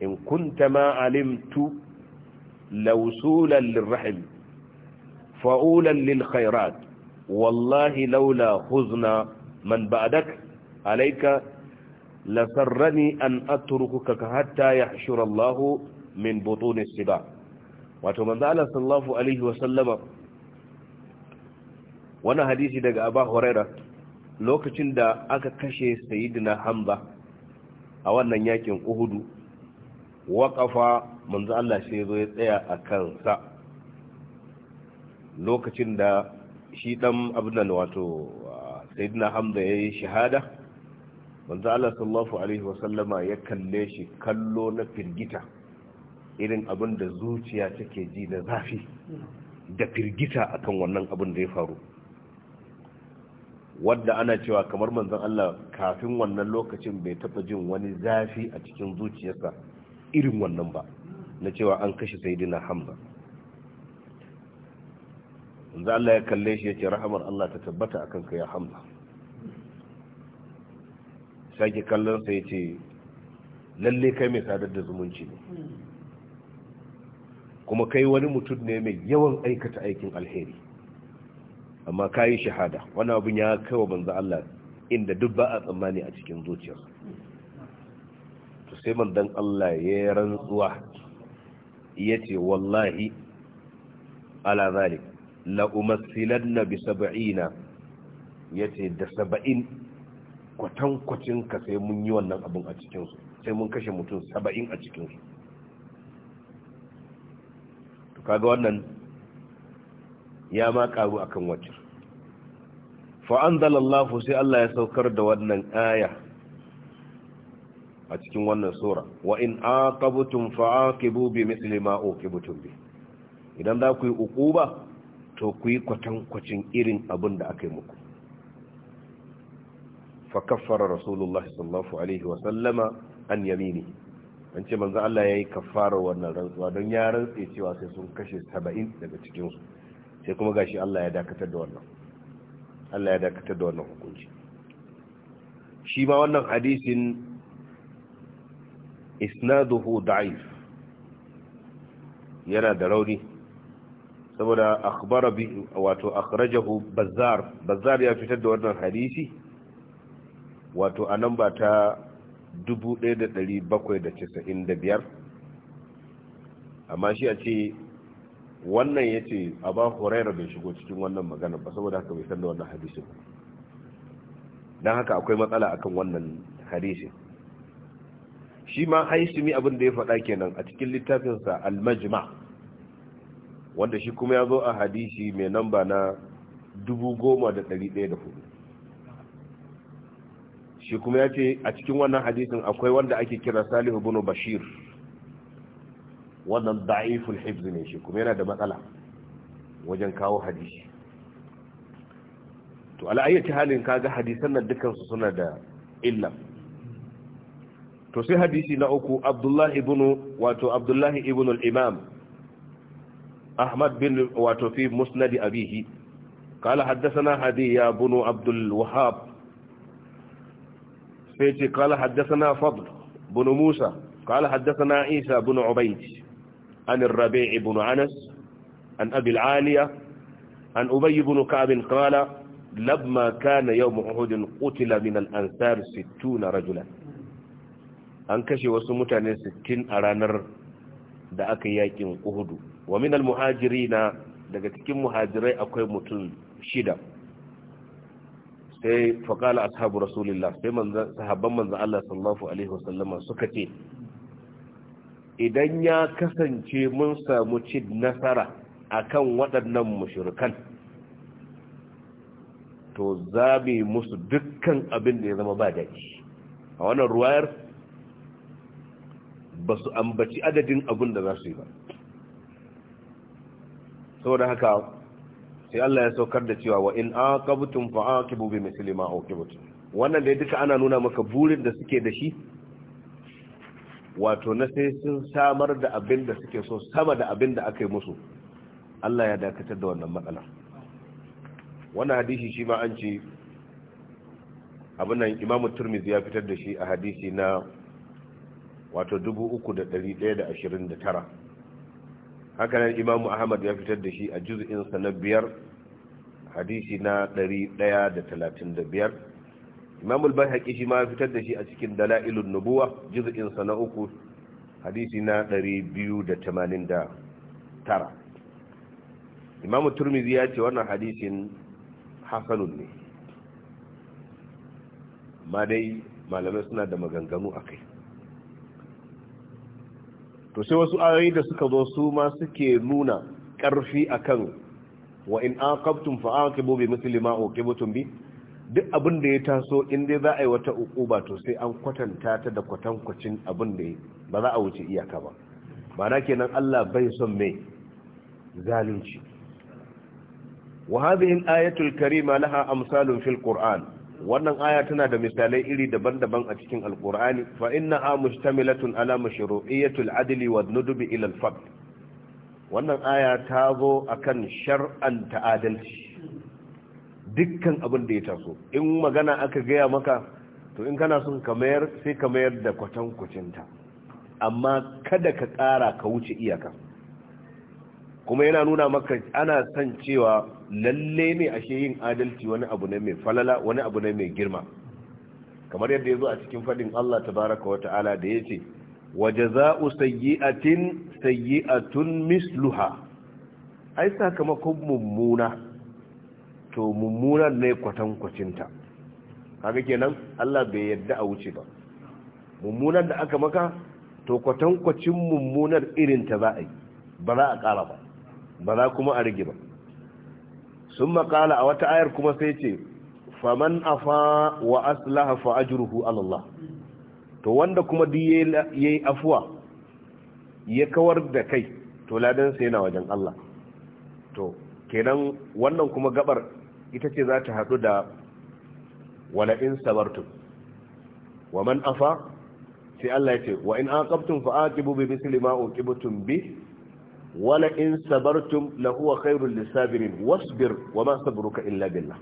إن كنت ما علمت لوصولا للرحم فعولا للخيرات والله لولا خزنا من بعدك عليك لسرني أن أتركك حتى يحشر الله من بطون السباع وتمنى صلى الله عليه وسلم وانا حديثي دقى أبا هريرة lokacin da aka kashe sayidina hamba a wannan yakin uhudu waƙafa manzo Allah shi zo ya tsaya a kansa lokacin da shi ɗan abinan wato ah, sayidina hamza ya yi shahada manzo Allah sallallahu alaihi wasallama ya kalle shi kallo na firgita irin abin da zuciya take ji na zafi da firgita akan wannan abin da ya faru wadda ana cewa kamar manzon Allah kafin wannan lokacin bai taba jin wani zafi a cikin zuciyarsa irin wannan ba na cewa an kashe sayidina hamza manzo Allah ya kalle shi ya ce rahamar Allah ta tabbata akan ka ya hamza sake kallon sa ya lalle kai mai sadar da zumunci ne kuma kai wani mutum ne mai yawan aikata aikin alheri amma ka yi shahada wani abin ya kai wa manzo Allah inda duk ba a tsammani a cikin zuciyar to sai manzon Allah ya rantsuwa ya ce wallahi ala zalik la umassilanna bi sab'ina yace da saba'in kwatankwacin ka sai mun yi wannan abin a cikinsu sai mun kashe mutum saba'in a cikinsu to kaga wannan ya ma karu akan wacce fa anzalallahu sai Allah ya saukar da wannan aya a cikin wannan sura wa in aqabtum fa'aqibu bimithli ma uqibtum bi idan za ku yi uquba to ku yi kwatankwacin irin abin da aka yi muku fa kaffara rasulullahi sallallahu alaihi wa sallama an yamini an ce manzo Allah ya yayi kaffara wannan rantsuwa don ya rantse cewa sai sun kashe 70 daga cikinsu. sai kuma gashi Allah ya dakatar da wannan Allah ya dakatar da wannan hukunci shi ma wannan hadisin isnaduhu da'if yana da rauni saboda akhbara bi wato akhrajahu bazzar bazzar ya fitar da wannan hadisi wato a nan ba ta 1795 amma shi a ce wannan ya ce a ba horaira bai shigo cikin wannan magana ba saboda haka bai san da wannan hadisin don haka akwai matsala akan wannan hadisin shi ma haisumi abin da ya faɗa kenan a cikin littafinsa almajima wanda shi kuma ya zo a hadisi mai namba na goma 10,104 shi kuma ya ce a cikin wannan hadisin akwai wanda ake kira salihu bin bashir wannan da'iful hifz ne shi kuma yana da matsala wajen kawo hadisi to ala'ayyaci halin kaga hadisan nan su suna da illa to sai hadisi na uku abdullahi ibn wato abdullahi ibn al-imam ahmad bin wato fi musnad abihi kala قال حدثنا هدي بن عبد الوهاب فيتي قال حدثنا فضل بن موسى قال حدثنا عيسى بن عبيد عن الربيع بن عنس عن أبي العالية kala أبي بن كعب قال لما كان يوم أحد قتل من الأنصار ستون رجلا أنكشي وسمتان ستين أرانر da aka yakin uhudu wa minal muhajirina daga cikin muhajirai akwai mutum shida sai faƙala ashabu rasulillah sai sahabban manzan Allah sallallahu alaihi wasallama suka ce idan ya kasance mun samu cin nasara akan waɗannan mushrikan to za mu musu dukkan abin da ya zama ba daji a wannan ruwayar ba su ambaci adadin abin da za su yi ba saboda haka sai Allah ya saukar da cewa wa in aqabtum fa bi misli ma aqibtum wannan dai duka ana nuna maka burin da suke da shi wato na sai sun samar da abin da suke so sama da abin da aka yi musu Allah ya dakatar da wannan matsala. wannan hadisi shi ma an ce abin imamu turmizi ya fitar da shi a hadisi na wato 3129 hakanan imamu ahmad ya fitar da shi a juz'insa na biyar hadisi na 135 imam al-bayhaqi shi ma ya fitar da shi a cikin dalailun nubuwa juz'in sa na uku hadisi na 289 imam turmizi ya ce wannan hadisin hasanun ne ma dai malamai suna da maganganu akai to sai wasu ayoyi da suka zo su ma suke nuna ƙarfi akan wa in aqabtum fa aqibu bi mithli ma uqibtum bi duk abin da ya taso in dai za a yi wata ba to sai an kwatanta ta da kwatankwacin abin da ba za a wuce iyaka ba Ba na kenan Allah bai son mai zalunci wa hadhihi al-ayatul karima laha amsalun fil qur'an wannan aya tana da misalai iri daban-daban a cikin alqur'ani fa innaha mustamilatun ala mashru'iyatil adli wa nudub ila al-fadl wannan aya ta zo akan shar'an ta adalci dukkan abin da ya taso in magana aka gaya maka to in kana son ka mayar sai ka mayar da kwatan kucinta amma kada ka ƙara ka wuce iyaka kuma yana nuna maka ana san cewa lalle ne ashe yin adalci wani abu ne mai falala wani abu ne mai girma kamar yadda ya zo a cikin faɗin Allah Ta baraka wa ta'ala da ya ce wa jaza'u sayyi'atin sayyi'atun misluha ai sakamakon mummuna to mummunar ne kwatankwacinta kaga kenan Allah bai yadda a wuce ba mummunar da aka maka to kwatankwacin mummunar ta za a yi ba za a ƙara ba ba za kuma a rige ba sun makala a wata ayar kuma sai ce faman afa wa aslaha fa ajruhu Allah to wanda kuma duk yayi afuwa ya kawar da kai to ladan sai yana wajen Allah to kenan wannan kuma gabar ita ce za ta haɗu da wala'in sabartum wa man afa sai Allah ya ce wa in aqabtum fa aqibu bi misli ma uqibtum bi wala in sabartum lahuwa khairul lisabirin wasbir wa ma sabruka illa billah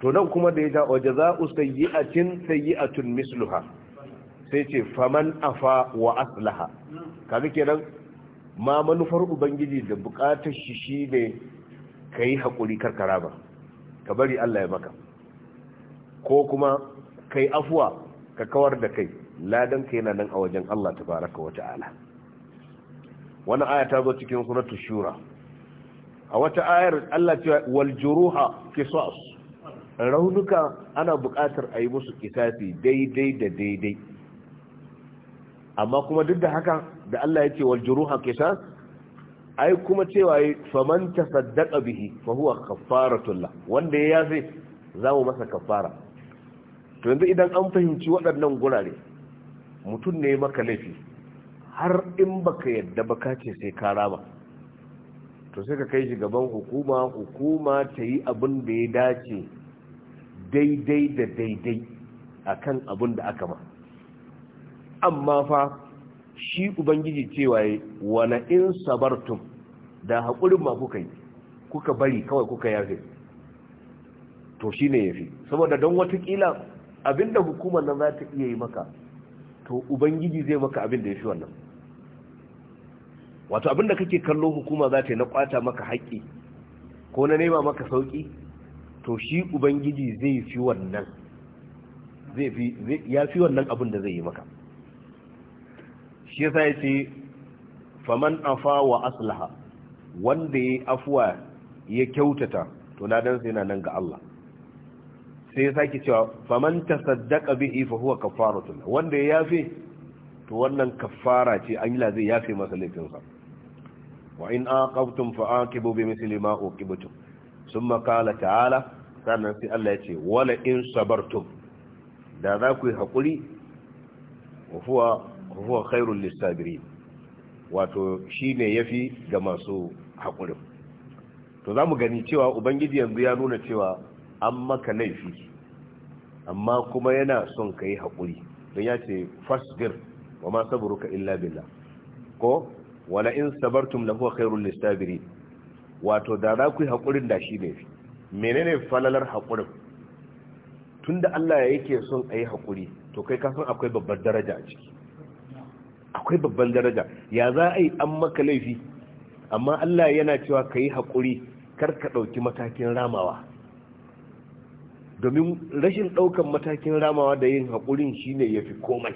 to nan kuma da ya ja wa jaza'u sayyi'atin sayyi'atun misluha sai ce faman afa wa aslaha kaga kenan ma manufar ubangiji da bukatar shi shine ka yi haƙuri karkara ba ka bari Allah ya maka ko kuma ka yi afuwa ka kawar da kai ladan ka yana nan a wajen Allah ta wata ala wani aya ta zo cikin suratul shura a wata ayar Allah cewa wal juruha qisas raunuka ana buƙatar a yi musu kisasi daidai da daidai amma kuma duk da haka da Allah ya ce wal juruha qisas ai kuma cewa yi faman saddaka bihi fa huwa kaffaratullah wanda ya yafe za mu masa kafara to yanzu idan an fahimci waɗannan gurare mutum ne maka laifi har in baka yadda baka ce sai ka rama to sai ka kai shi gaban hukuma hukuma ta yi abin da ya dace daidai da daidai akan abin da aka ba amma fa shi ubangiji cewa yi wane in sabartum da haƙurin ma kuka yi kuka bari kawai kuka yafe to shi ne yafi saboda don watakila abinda hukumar nan za ta iya yi maka to ubangiji zai maka abinda ya fi wannan wato abinda kake kallo hukuma za ta yi na kwata maka haƙƙi ko na nema maka sauƙi to shi ubangiji zai fi wannan ya fi wannan abin da zai yi maka shi yasa yace faman afa wa aslaha wanda yi afuwa ya kyautata to ladan sai nan ga Allah sai ya sake cewa faman tasaddaqa bihi fa huwa kafaratun wanda ya yafe to wannan kafara ce an Allah zai yafe masa laifinsa wa in aqabtum fa aqibu bi misli ma uqibtum summa qala ta'ala sannan sai Allah ya ce wala in sabartum da za ku yi hakuri wa huwa huwa khairul lisabirin wato shine yafi ga masu haƙurin to zamu gani cewa ubangiji yanzu ya nuna cewa an maka laifi amma kuma yana son kai hakuri don ya ce fasbir wa ma sabruka illa billah ko wala in sabartum lahu khairul lisabirin wato da za ku yi hakurin da shi ne menene falalar hakurin tunda Allah yake son yi hakuri to kai kasan akwai babbar daraja a ciki akwai babban daraja ya za a yi an maka laifi amma Allah yana cewa ka yi haƙuri kar ka ɗauki matakin ramawa domin rashin ɗaukan matakin ramawa da yin haƙurin shine ya fi komai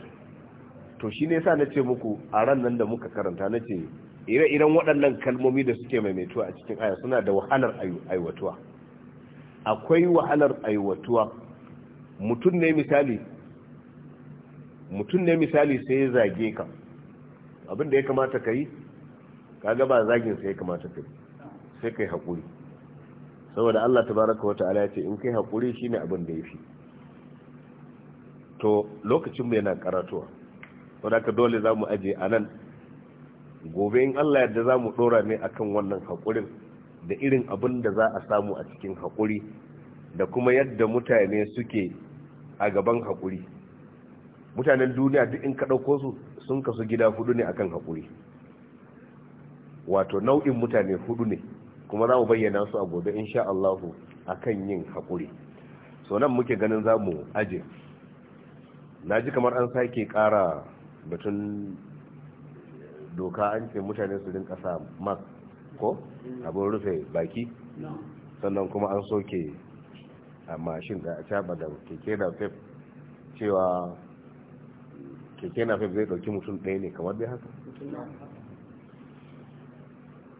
to shi ne sa na ce muku a ran nan da muka karanta na ce ire-iren waɗannan kalmomi da suke maimaituwa a cikin aya suna da wahalar aiwatuwa akwai wahalar aiwatuwa mutum ne misali mutum ne misali sai ya zage ka abin da ya kamata ka yi kaga ba zagin sai ya kamata ka yi sai kai haƙuri saboda Allah tabaraka ala ya ce in kai haƙuri shi ne abin da ya fi. to lokacin mu yana karatuwa wadda ka dole za mu aje nan? gobe in Allah yadda za mu ɗora ne a kan wannan haƙurin da irin abin da za a samu a cikin haƙuri da kuma yadda mutane suke a gaban haƙuri mutanen duniya duk in ka ɗauko su sun kasu gida hudu ne akan haƙuri wato nau'in mutane hudu ne kuma za mu bayyana su a gobe insha Allahu akan yin haƙuri so nan muke ganin za mu aje na ji kamar an sake ƙara batun doka an ce mutane su rinka sa mak ko abin rufe baki sannan kuma an soke a mashin da a caba da keke da fef cewa keke na fi zai dauki mutum ɗaya ne kamar dai haka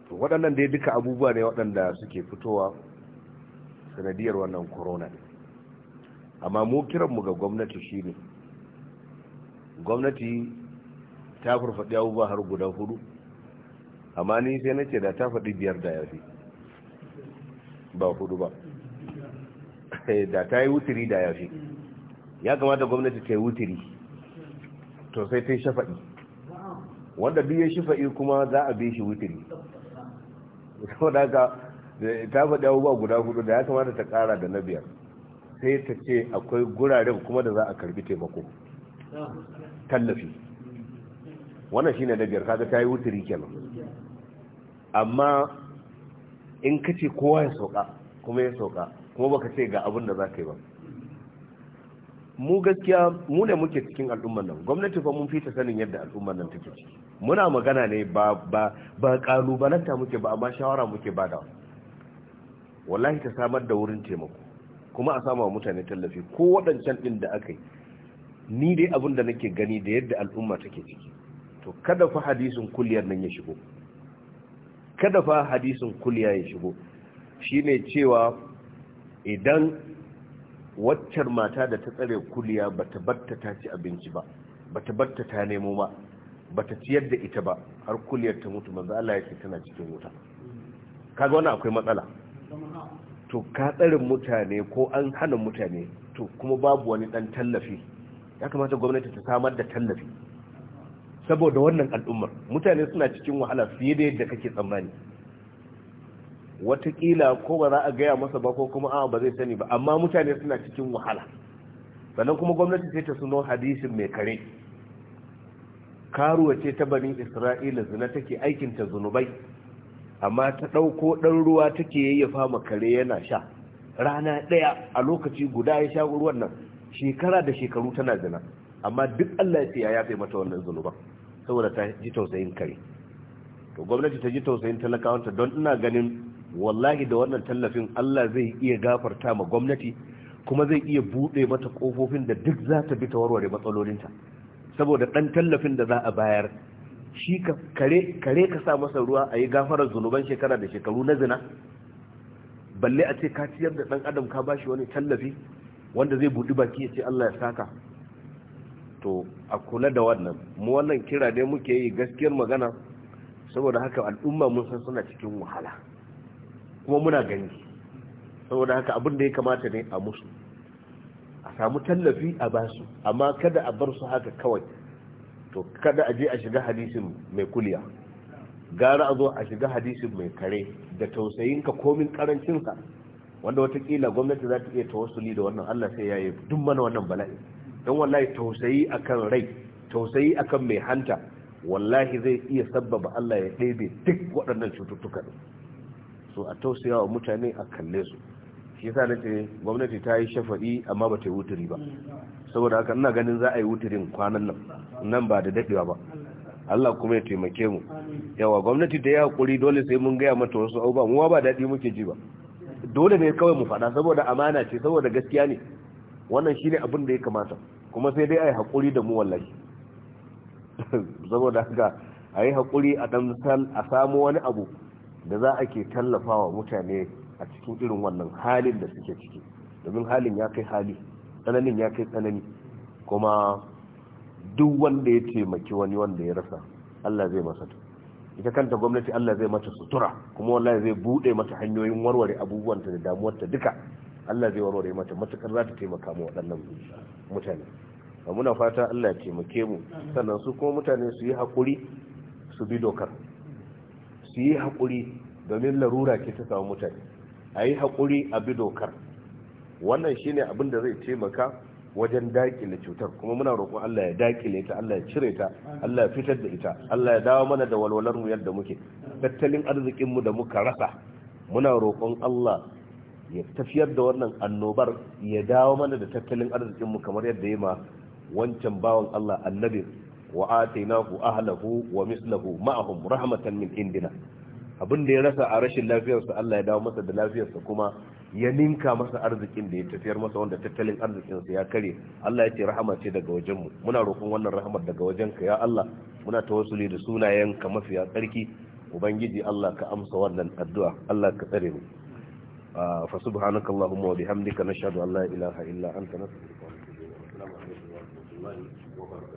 to waɗannan dai duka abubuwa ne waɗanda suke fitowa sanadiyar wannan corona amma mu kiranmu ga gwamnati shi ne. gwamnati ta farfaɗi abubuwa har guda hudu amma ni sai na ce da ta faɗi biyar da yafi ba hudu ba eh, da ta yi wutiri da yafi ya kamata gwamnati ta yi wutiri to sai ta yi shafa'i wanda biyu ya shafa'i kuma za a bi shi wutiri ta faɗi abubuwa guda hudu da ya kamata ta ƙara da na biyar sai ta ce akwai guraren kuma da za a karbi taimako tallafi wannan shine da biyar kaga ta yi wutiri kenan amma in kace kowa ya sauka kuma ya sauka kuma baka ce ga abin da za ka yi ba mu gaskiya mu ne muke cikin al'ummar nan gwamnati fa mun fita sanin yadda al'ummar nan take ciki muna magana ne ba ba ba kalubalanta muke ba amma shawara muke ba bada wallahi ta samar da wurin taimako kuma a sama mutane tallafi ko waɗancan din da aka yi ni dai abin da nake gani da yadda al'umma take ciki to kada fa hadisin kulliyar nan ya shigo kada fa hadisin kulliya ya shigo shine cewa idan waccar mata da ta tsare kuliya ta batta ta ci abinci ba ba ta batta ta nemo ba ba ta ciyar da ita ba har kuliyar ta mutu manzo Allah ya ce tana cikin wuta kaga wannan akwai matsala to ka tsarin mutane ko an hana mutane to kuma babu wani dan tallafi ya kamata gwamnati ta samar da tallafi saboda wannan al'ummar mutane suna cikin wahala fiye da yadda kake tsammani watakila ko ba za a gaya masa ba ko kuma a ba zai sani ba amma mutane suna cikin wahala sannan kuma gwamnati ce ta suno hadisin mai kare karuwa ce ta banin isra'ila zina take aikin ta zunubai amma ta ɗauko ɗan ruwa take yayyafa ma kare yana sha rana ɗaya a lokaci guda ya sha ruwan nan shekara da shekaru tana zina amma duk allah ya ce ya yafe mata wannan zunuban saboda ta ji tausayin kare to gwamnati ta ji tausayin talakawanta don ina ganin wallahi da wannan tallafin Allah zai iya gafarta ma gwamnati kuma zai iya buɗe mata ƙofofin da duk za ta bi ta warware matsalolinta saboda ɗan tallafin da za a bayar shi kare kare ka sa masa ruwa a yi gafarar zunuban shekara da shekaru na zina balle a ce ka ciyar da ɗan adam ka bashi wani tallafi wanda zai buɗi baki ya ce Allah ya saka to a kula da wannan mu wannan kira ne muke yi gaskiyar magana saboda haka al'umma mun san suna cikin wahala kuma muna gani saboda haka abin da ya kamata ne a musu a samu tallafi a basu amma kada a bar su haka kawai to kada a je a shiga hadisin mai kuliya gara a zo a shiga hadisin mai kare da tausayin ka komin karancinsa wanda watakila gwamnati za ta iya tawassuli da wannan allah sai ya yi duk mana wannan bala'i don wallahi tausayi akan rai tausayi akan mai hanta wallahi zai iya sabbaba allah ya ɗebe duk waɗannan cututtuka to a tausaya wa mutane a kalle su shi yasa nake gwamnati ta yi shafa'i amma ba ta yi wuturi ba saboda haka ina ganin za a yi wuturin kwanan nan nan ba da dadewa ba Allah kuma ya taimake mu yawa gwamnati da ya hakuri dole sai mun gaya mata wasu abubuwa mu ba daɗi muke ji ba dole ne kawai mu faɗa saboda amana ce saboda gaskiya ne wannan shine abin da ya kamata kuma sai dai a yi haƙuri da mu wallahi saboda haka a yi haƙuri a ɗan a samu wani abu da za a ke tallafawa mutane a cikin irin wannan halin da suke ciki domin halin ya kai hali tsananin ya kai tsanani kuma duk wanda ya taimaki wani wanda ya rasa Allah zai masa ta ita kanta gwamnati Allah zai mata sutura kuma wallahi zai bude mata hanyoyin warware abubuwanta da damuwarta duka Allah zai warware mata matukar za ta taimaka mu waɗannan mutane muna fata Allah ya taimake mu sannan su kuma mutane su yi hakuri su bi dokar su yi haƙuri domin larura ke ta samu mutane a yi haƙuri a bi dokar wannan shine abin da zai taimaka wajen dakile cutar kuma muna roƙon Allah ya dakile ta Allah ya cire ta Allah ya fitar da ita Allah ya dawo mana da walwalar mu yadda muke tattalin arzikin mu da muka rasa muna roƙon Allah ya tafiyar da wannan annobar ya dawo mana da tattalin arzikin mu kamar yadda ya ma wancan bawan Allah annabi wa atainahu ahlahu wa mislahu ma'ahum rahmatan min indina abin da ya rasa a rashin lafiyarsa Allah ya dawo masa da lafiyarsa kuma ya ninka masa arzikin da ya tafiyar masa wanda tattalin arzikinsa ya kare Allah ya ce rahama ce daga wajenmu muna roƙon wannan rahamar daga wajenka ya Allah muna tawassuli da sunayenka mafiya tsarki ubangiji Allah ka amsa wannan addu'a Allah ka tsare mu ah, fa subhanaka allahumma wa bihamdika nashhadu an la ilaha illa anta nastaghfiruka wa